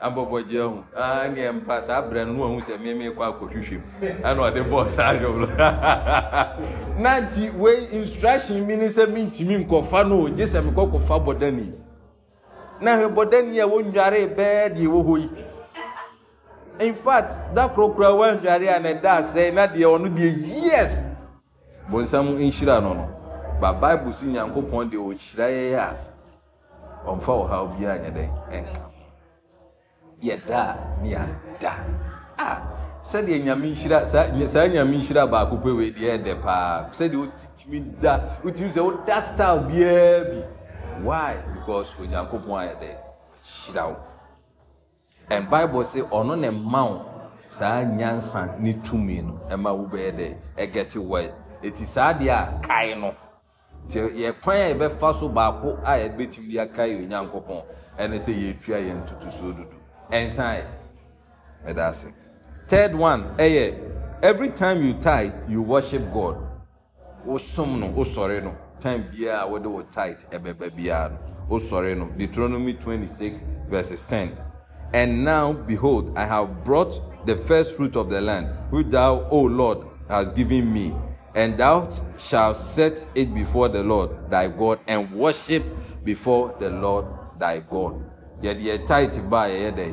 abɔfɔgye ahu aneɛ mpa saa berɛ no no wahu sɛ meme kɔ akɔhwehwɛ mu ana ɔde bɔɔ saa adwobro na nti wei instruction bi ne sɛ mentumi nkɔfa no gye sɛ mekɔ kɔfa bɔdani na hwɛ bɔdani a bɛɛ deɛ wɔ hɔ yi in fact da kurokura wɔannware a ne da asɛe na deɛ ɔno deɛ yes bonsam nhyira no no ba bible si nyankopɔn deɛ ɔkyira yɛyɛ a ɔmfa wɔ haw biara nyɛ dɛn ɛnka yɛda a ne yɛada a ah, sɛdeɛ nyame nhyira saa nyame nhyira baako pɛ wei deɛ ɛdɛ paa sɛdeɛ wotitumi da wotumi sɛ woda style biara bi why because onyankopɔn ayɛ dɛ hyira wo and bible say ɔno ne mma wo saa nyansa ne tumi no ɛma wobɛyɛ dɛ ɛgɛte wɔ ɛti saa deɛ a kae no nti yɛ kwan a yɛbɛfa so baako a yɛbɛtumi de akae onyankopɔn ɛne sɛ yɛtua yɛn ntotosuo dodo ɛnsan ɛda ase third one ɛyɛ every time you tithe you worship God wosom no wosɔre no time biara wɔde wo tithe ɛbɛba biara no wosɔre no Deuteronomy twenty six verses ten and now behold I have brought the first fruit of the land which thou O Lord has given me and thou shalt set it before the Lord thy God and worship before the Lord thy God yɛde yɛ tight ba yɛyɛ dɛ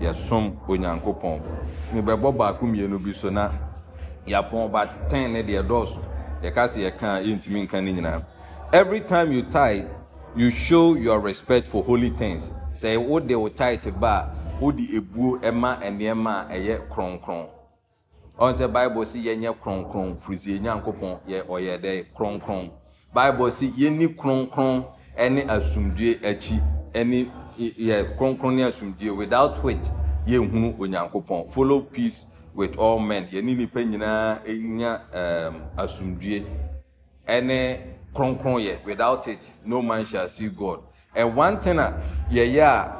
yɛsom onyankopɔn mebɛbɔ baako mmienu bi so na yɛapɔn but ten ne deɛ dɔɔso yɛka sɛ yɛka yɛntumi nka ne nyinaa every time you tithe you show your respect for holy things sɛ wode wo tithe ba a wode ebuo ma nneɛma a ɛyɛ kronkron ɔn sɛ bible si yɛnyɛ kronkron firi si yɛnyankopɔn yɛ ɔyɛ dɛ kronkron bible si yɛni kronkron ne asomdue akyi ɛne yɛ kronkron ne asomdue without which yɛnhunu onyankopɔn follow peace with all men ni nipa nyinaa nya um, asomdue ɛne kronkron yɛ without it no man shall see god and one thing a yɛyɛ a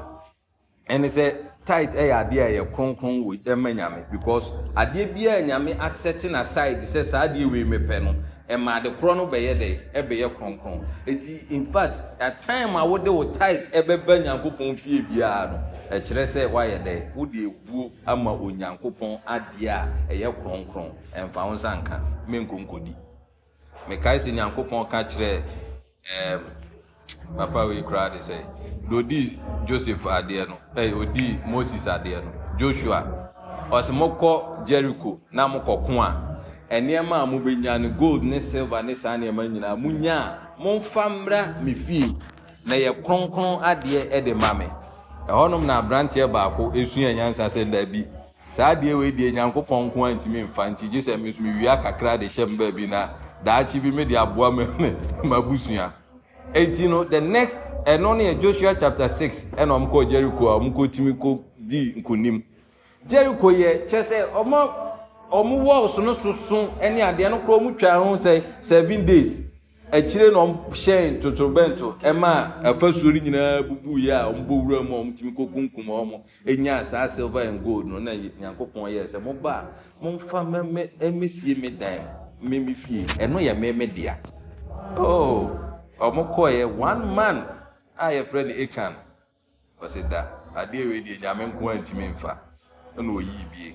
ɛne sɛ tight ɛyɛ adeɛ a yɛ kronkron wɔ ɛma nyame because adeɛ biara nyame asɛte na side sɛ saa adeɛ wei mepɛ no ɛma de korɔ no bɛyɛ de ɛbɛyɛ kronkron eti in fact atime a wode wo tight ɛbɛba nyankopɔn fie biara no ɛkyerɛ sɛ wayɛ de wode ebuo ama onyankopɔn adeɛ a ɛyɛ kronkron ɛnfa ho nsa nka menkonkodi mekae sɛ nyankopɔn ka kyerɛ ɛɛm papa wei koraa de sɛ de odi joseph adeɛ no ɛɛ odi moses adeɛ no joshua ɔsɛ mokɔ jericho na mokɔ ko a. nnoɔma a mobɛnya no gold ne silver ne saa nnoɔma nyinaa munya a momfa mmra me fie na yɛ kronkron adeɛ de ma me ɛhɔnom na aberanteɛ baako ɛsua nyansa sɛ daabi saa adeɛ wei deɛ nyankopɔn nko a ntumi mfa nti gye sɛ meso mewia kakra de hyɛ m baabi na daakye bi mede aboa mabusua ɛnti no the next ɛno no yɛ joshua chapter six ɛna ɔmkɔɔ jericho a ɔmkɔtumi kɔdii nkonim jericho yɛ kyɛ sɛ ɔma ɔmo walls no soso ɛne adeɛ no koraa ɔmo twa ho sɛ days akyire na ɔmo hyɛn totorobɛnto ɛma afasuo no nyinaa bubu yie a ɔmo bɔ wura mu a ɔmo tumi kokunkum ɔmo enya saa silver and gold no na nyankopɔn yɛ sɛ mo ba mo nfa mɛmɛ ɛmɛsie mi dan fie ɛno yɛ mɛmɛ dea oh one man a yɛfrɛ no ɔsi da adeɛ wei deɛ nyame nko a ntumi nfa ɛna oyi bie.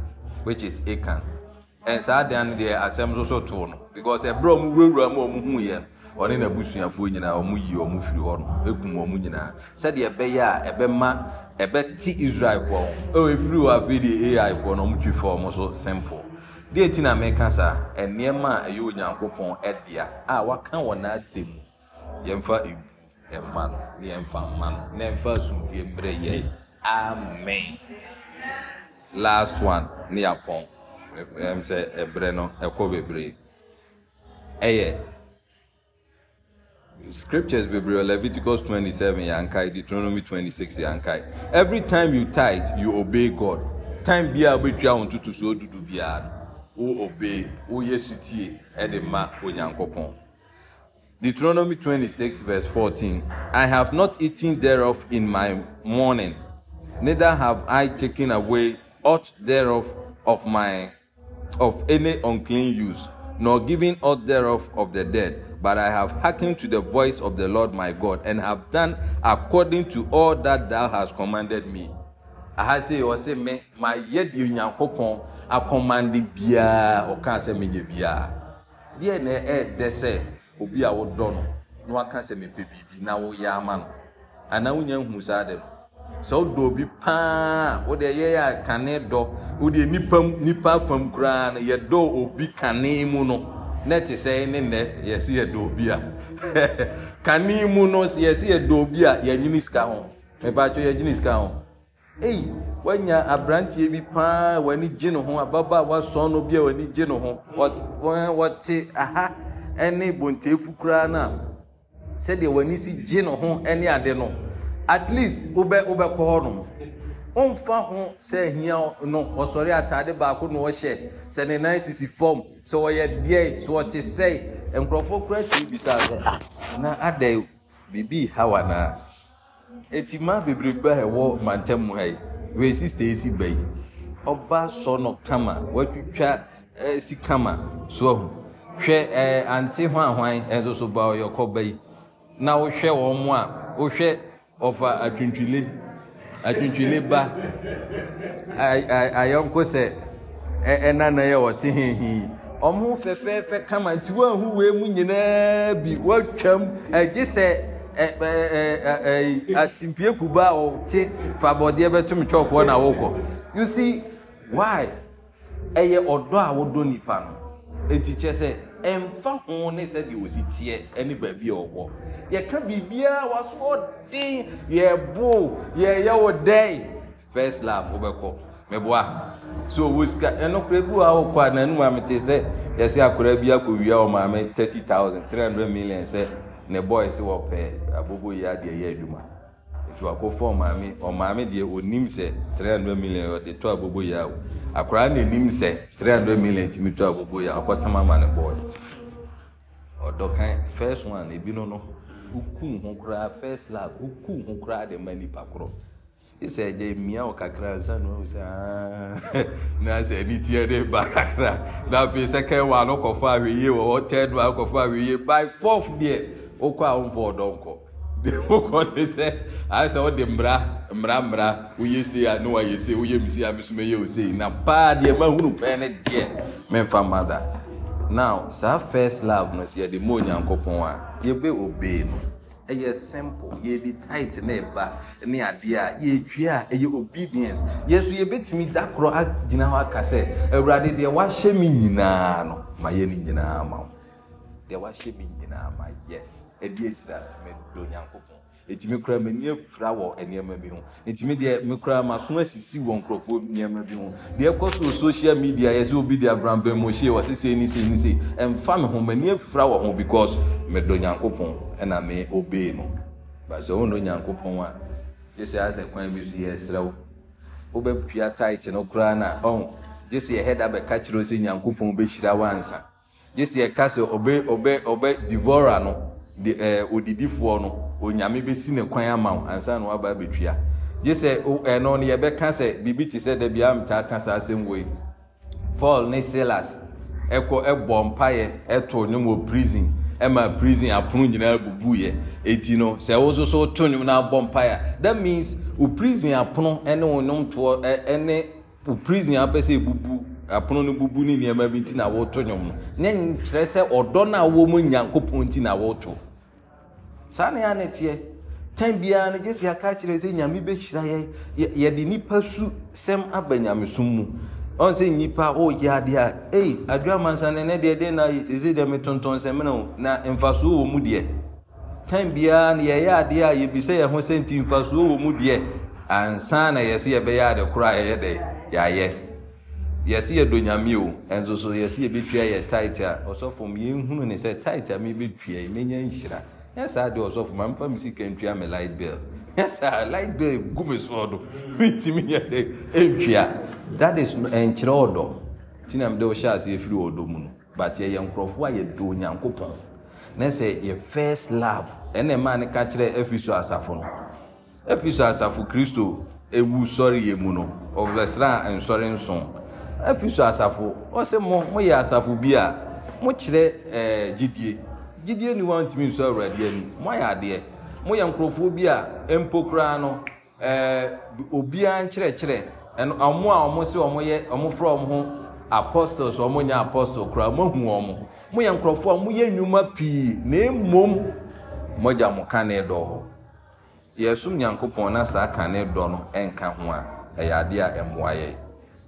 which is akan saa dan no deɛ asɛm so so too no because ɛberɛ ɔmo wurawura mu ɔmo hu yɛ no ɔne n'abusuafoɔ nyinaa ɔmo yi ɔmo firi hɔ no ekum ɔmo nyinaa sɛdeɛ ɛbɛyɛ a ɛbɛma ɛbɛti israelfoɔ ho ɛwɔ efiri hɔ afei deɛ aifoɔ no ɔmo twi fa ɔmo so simple deɛ ti na mɛka saa nneɛma a ɛyɛ onyankopɔn ɛdea a waka wɔ n'asɛm yɛmfa ebu ɛma no ne yɛmfa mma no yɛmfa amen. last one ne yapɔn ɛm sɛ ɛbrɛ no ɛkɔ bebree ɛyɛ scriptures bebree leviticus twenty seven yankai deuteronomy twenty six yankai every time you tithe you obey god time bia wobɛtwa wo ntoto so odudu biara no wo obey woyɛ sutie ɛde e ma onyankopɔn Deuteronomy 26 verse 14 I have not eaten thereof in my morning, neither have I taken away aught thereof of my of any unclean use, nor giving aught thereof of the dead. But I have hearkened to the voice of the Lord my God, and have done according to all that thou hast commanded me. Ahase yi ɔse me ma yɛ di onyankopɔn akɔmande biara ɔka sɛ me yɛ biara e deɛ na ɛɛdɛ sɛ obi a wodɔ no na waka sɛ mepɛ biribi na woyɛ ama no anaa wonya nhu saa de no sɛ wodɔ obi paa ọ dị yɛyɛ ya kane dɔ wode nipa nipa fam koraa no dọ obi kane mu no na te sɛ ne nnɛ yɛsi dọ obi a kane mu no yɛsi yɛdɔ obi a yɛnyini sika ho mepatwo yɛgyini sika ho eyi wanya aberanteɛ bi paa w'ani gye ne ho ababaawa sɔn no bi a w'ani gye ne ho wɔte aha ne bonteefu koraa no a sɛdeɛ w'ani si gye ne ho ne ade no at least wobɛkɔ hɔ nom ɔmfa ho sɛ ahia no ɔsɔre atade baako na ɔhyɛ sɛ ne nan sisi fam sɛ ɔyɛ deɛ sɛ ɔte sɛe nkurɔfoɔ kora tiri bisa sɛ na ada biribi ha wa naa mmaa a ɛwɔ mantam mu ha yi wei sista esi ba yi ɔba sɔ kama watwitwa esi kama so hwɛ ɛɛ ante ho ahwan na wɔn mu a ɔfa atwintwile atwintwile ba ayɔnko sɛ ɛnana e, yɛ wɔte hehe ɔmo fɛfɛɛfɛ kama nti wɔn wei mu nyinaa bi wɔatwam ɛgye e, sɛ e, atimpie kuba a ɔte fa bɔdeɛ bɛtum na you see why ɛyɛ ɔdɔ a wɔdɔ nipa eti kyɛ ɛmfa ho ne sɛdeɛ wɔsi teɛ ne baabi a ɔwɔ yɛka biribiara waso ɔden yɛbo yɛyɛ wo dɛn first love wobɛkɔ meboa so owó sika ɛnokura bi wɔ awokɔ a n'anum a mete sɛ yɛsi akora bi akɔ wia wɔ maame thirty thousand three hundred million sɛ ne boys wɔ pɛ abobo yi adeɛ yɛ adwuma nti wakɔfa ɔmaame ɔmaame deɛ onim sɛ three hundred million ɔde tɔ abobo yi awo akwaraa na enim sɛ three hundred million ti mi tɔ abobo yi a ɔkɔtam ama ne bɔɔl ɔdɔ kan first one ebi no no ukuu ho koraa first lab ukuu ho koraa de ma nipa korɔ sɛ ɛgya mmea wɔ kakra nsa na ɔwɔ sɛ na sɛ ɛni tiɛ de ba kakra na afei second one ɔkɔfɔ ahwɛ yie wɔ hɔ third one ɔkɔfɔ ahwɛ yie by fourth deɛ ɔkɔ a ɔnfɔ ɔdɔ nkɔ wokɔ ne sɛ ayɛ sɛ wode mmara mmara mmara woyɛ sei a ne wayɛ sei woyɛ m sei a me so mɛyɛ o sei na paa deɛ mahunu pɛɛ ne deɛ memfa ma da now saa first love no sɛ mo ma onyankopɔn a yɛbɛ obee no ɛyɛ simple yɛde tight na ɛba ne adeɛ a yɛdua a ɛyɛ obedience yɛso yɛbɛtumi da korɔ agyina hɔ aka sɛ awurade deɛ wahyɛ mi nyinaa no ma yɛ ne nyinaa ma wo deɛ wahyɛ me nyinaa ma yɛ ɛdeɛ gyina yɛ onyankopɔn ɛtumi kora m'ani afira wɔ nneɛma bi ho ɛtumi deɛ me kora m'aso asisi wɔ nkurɔfoɔ nneɛma bi ho deɛ ɛkɔ so social media yɛ sɛ obi de abranbɛn mu ɔhyɛ wɔ sese ne sei ne sei ɛmfa me ho m'ani afira wɔ ho because medɔ nyankopɔn ɛna me obey no ba sɛ wondɔ nyankopɔn a gye sɛ asɛ kwan bi so yɛsrɛ wo wobɛpia tit no koraa na ɔho gye sɛ yɛhɛda bɛka kyerɛ sɛ nyankopɔn bɛhyira wo ansa gye sɛ yɛka ɔbɛ ɔbɛ ɔbɛ divora no de ɛɛ eh, odidifoɔ no onyame bɛsi ne kwan ama ansa na waba abɛtua gye sɛ ɛno eh, no yɛbɛka sɛ biribi te sɛ dabi amtaa ka saa asɛm wɔ yi paul ne silas ɛkɔ ɛbɔ mpaeɛ ɛto ne wɔ prison ɛma prison apono nyinaa bubu yɛ eti no sɛ woso so to ne mu na abɔ mpaeɛ that means o prison apono ɛne o nomtoɔ ɛ ɛne o prison apɛ sɛ ebubu apono no bubu ne nneɛma bi ti na wɔto ne mu ne nkyerɛ sɛ ɔdɔ na wɔn mu nyankopɔn ti na wɔto saa na yɛa ne teɛ tan biara no gye sɛ yɛaka kyerɛ sɛ nyame bɛhyira yɛ yɛde nnipa su sɛm aba nyamesom mu ɔn sɛ nnipa ɔreyɛ adeɛ a ei adwamansa no ne deɛ den na ɛsɛ deɛ metontɔn sɛm no na mfasoɔ wɔ mu deɛ tan biara no yɛyɛ adeɛ a yɛbisa yɛn ho sɛ nti mfasoɔ wɔ mu deɛ ansa na yɛsɛ yɛbɛyɛ ade korɔ a yɛyɛ dɛ yɛayɛ yɛsi yɛ do nyame o nso so yɛsi yɛ yɛ taita ɔsɔfo mu yɛn ne sɛ taita mi bɛtua yi mɛnya nhyira yɛ saa deɛ ɔsɔfo ma mfa mi si kɛntwi ama light bill Yes, I light bill gu mi soɔ do mi ti mi yɛ de ɛntwia that is ɛnkyerɛ ɔdɔ ti na mi de ɔhyɛ aseɛ firi ɔdɔ mu no but yɛ yɛ nkorɔfoɔ a yɛ do onyanko pɔn ne sɛ yɛ first love ɛna mmaa ne ka kyerɛ ɛfiso asafo no ɛfiso asafo kristo ewu sɔre yɛ mu no ɔbɛsra nsɔre nson ɛfiso asafo ɔsɛ mo mo yɛ asafo bi a mo kyerɛ ɛɛ gyidie gyidie ni wɔn ntumi nso awurade anim mo ayɛ adeɛ mo yɛ nkurɔfoɔ bi a mpo koraa no ɛɛ eh, obiara nkyerɛkyerɛ ɛno ɔmo a ɔmo se ɔmo yɛ ɔmo frɛ ɔmo ho apostles ɔmo nyɛ apostles koraa mo ahu ɔmo mo yɛ nkurɔfoɔ a mo yɛ nnwuma pii na emom mogya mo kane dɔ hɔ yɛsum nyankopɔn na saa kane dɔ no nka ho a ɛyɛ adeɛ a ɛmoa yɛ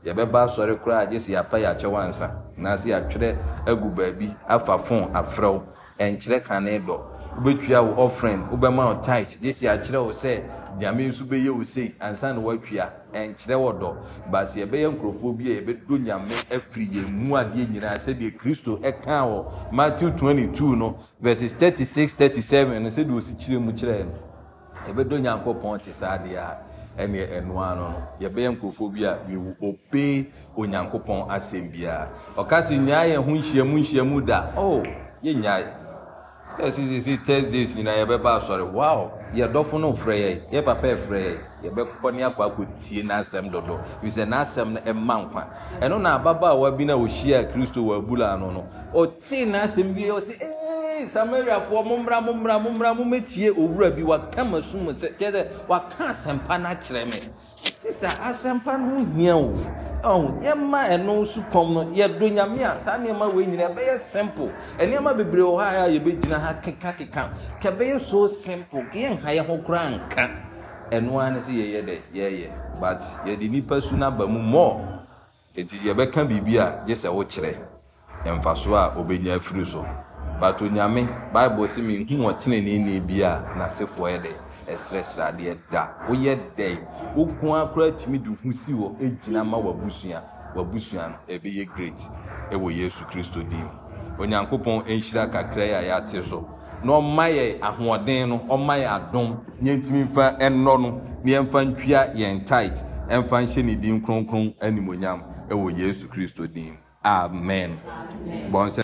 yɛbɛba asɔre koraa gye si apa yɛ akyɛw ansa na atwerɛ agu baabi afa fon afrɛw ɛnkyerɛ kane dɔ wobɛtua wo offering wobɛma wo tight gye sɛ akyerɛ wo sɛ nyame nso bɛyɛ wo sei ansa na woatwia ɛnkyerɛ wɔ dɔ baasi yɛbɛyɛ nkurɔfoɔ bi a yɛbɛdo nyame afiri yɛn mu adeɛ nyinaa sɛdeɛ kristo ɛkaa e wɔ matthew 22 no verses 36 37 no sɛdeɛ osi kyerɛ mu kyerɛɛ no yɛbɛdɔ nyankopɔn te saa adeɛ a ɛne ɛnoa e e no no yɛbɛyɛ nkurɔfoɔ bi a yɛwu obey onyankopɔn asɛm biara ɔka sɛ nyaa yɛn ho nhyiamu nhyiamu da o yɛnyaa ɛsisisi thursdays nyinaa yɛbɛba asɔre wow yɛdɔfo no frɛ yɛ yɛ papa e frɛ yɛ yɛbɛkɔ ne akɔ akɔtie n'asɛm dodo bisɛ n'asɛm no ɛma nkwa ɛno na ababaawa bi na ohyia kristo wɔ abula ano no ɔtee n'asɛm bi ɔsi ee eh, samariafoɔ mumra mumra mumra mumetie owura bi waka ma sum sɛ kyɛ sɛ waka asɛmpa n'akyerɛ mi sista asɛmpa no hia o yɛma ɛno so kɔm no yɛdɔ nyame a saa nnoɔma wei nyina ɛbɛyɛ simple ɛnnoɔma bebree wɔ hɔ a yɛbɛgyina ha keka-keka ɛbɛyɛ so simple kɛyɛnha yɛ ho koraa nka ɛno ara no sɛ yɛyɛ dɛ yɛyɛ but yɛde nipa su no aba mu mmɔɔ ɛnti yɛbɛka biribi a gye sɛ wokyerɛ so a ɔbɛnya afiri so but onyame bible sɛ mehu ɔteneneni bi a n'asefoɔ yɛ dɛ ɛsrɛsrɛ adeɛ da woyɛ dɛn woku akora tumi de ho si hɔ egyina ma wabusua wabusua no ɛbɛyɛ e great ɛwɔ e yesu kristo dim onyankopɔn nhyira kakra yi a yɛate so na ɔma yɛ ahoɔden no ɔma yɛ adom yɛntumi mfa ɛnɔ no na yɛmfa ntwia yɛn tight ɛmfa nhyɛ ne din kronkron animonyam ɛwɔ e yesu kristo dim amen bɔnsɛ